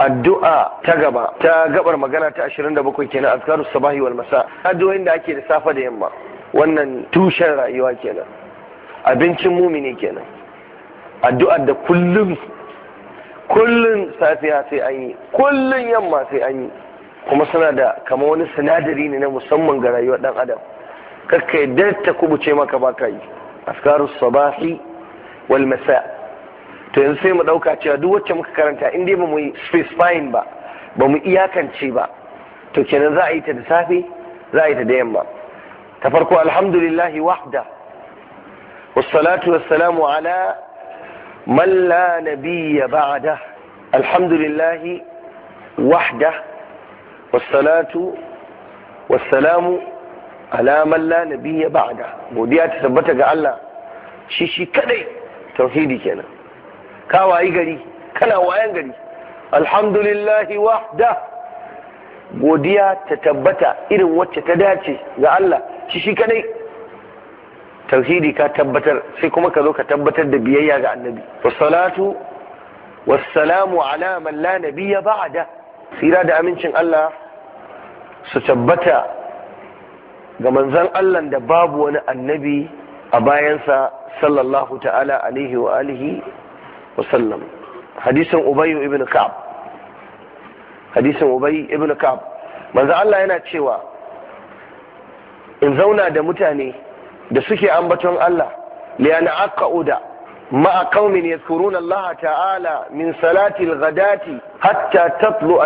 addu'a ta gaba ta gabar magana ta 27 kenan azkarus sabahi wal masa addu'o'in da ake da safa da yamma wannan tushen rayuwa kenan abincin mumini kenan addu'ar da kullum kullum safiya sai an yi kullum yamma sai an yi kuma suna da kama wani sinadari ne na musamman ga rayuwar dan adam kakka yadda ta kubuce maka baka yi askarus sabahi wal masa to yanzu sai mu ɗauka cewa duk wacce muka karanta in dai ba mu yi specifying ba ba mu iyakance ba to kenan za a yi ta da safe za a yi ta da yamma ta farko alhamdulillahi wahda wassalatu wassalamu ala man la nabiyya ba'da alhamdulillahi wahda wassalatu wassalamu ala man la nabiyya ba'da godiya ta tabbata ga Allah shi shi kadai tauhidi kenan ka wayi gari kana wayan gari alhamdulillahi wahda godiya ta tabbata irin wacce ta dace ga Allah shi shi kadai tauhidi ka tabbatar sai kuma ka zo ka tabbatar da biyayya ga annabi wassalatu wassalamu ala man la nabiyya ba'da sira da amincin Allah su tabbata ga manzon Allah da babu wani annabi a bayansa sallallahu ta'ala alaihi wa alihi wasallam hadisin ubay ibn ka'ab hadisin ubay ibn ka'ab manzo Allah yana cewa in zauna da mutane da suke ambaton Allah liyana aqauda ma'a qaumin yadhkuruna Allah ta'ala min salati al-ghadati hatta tatlu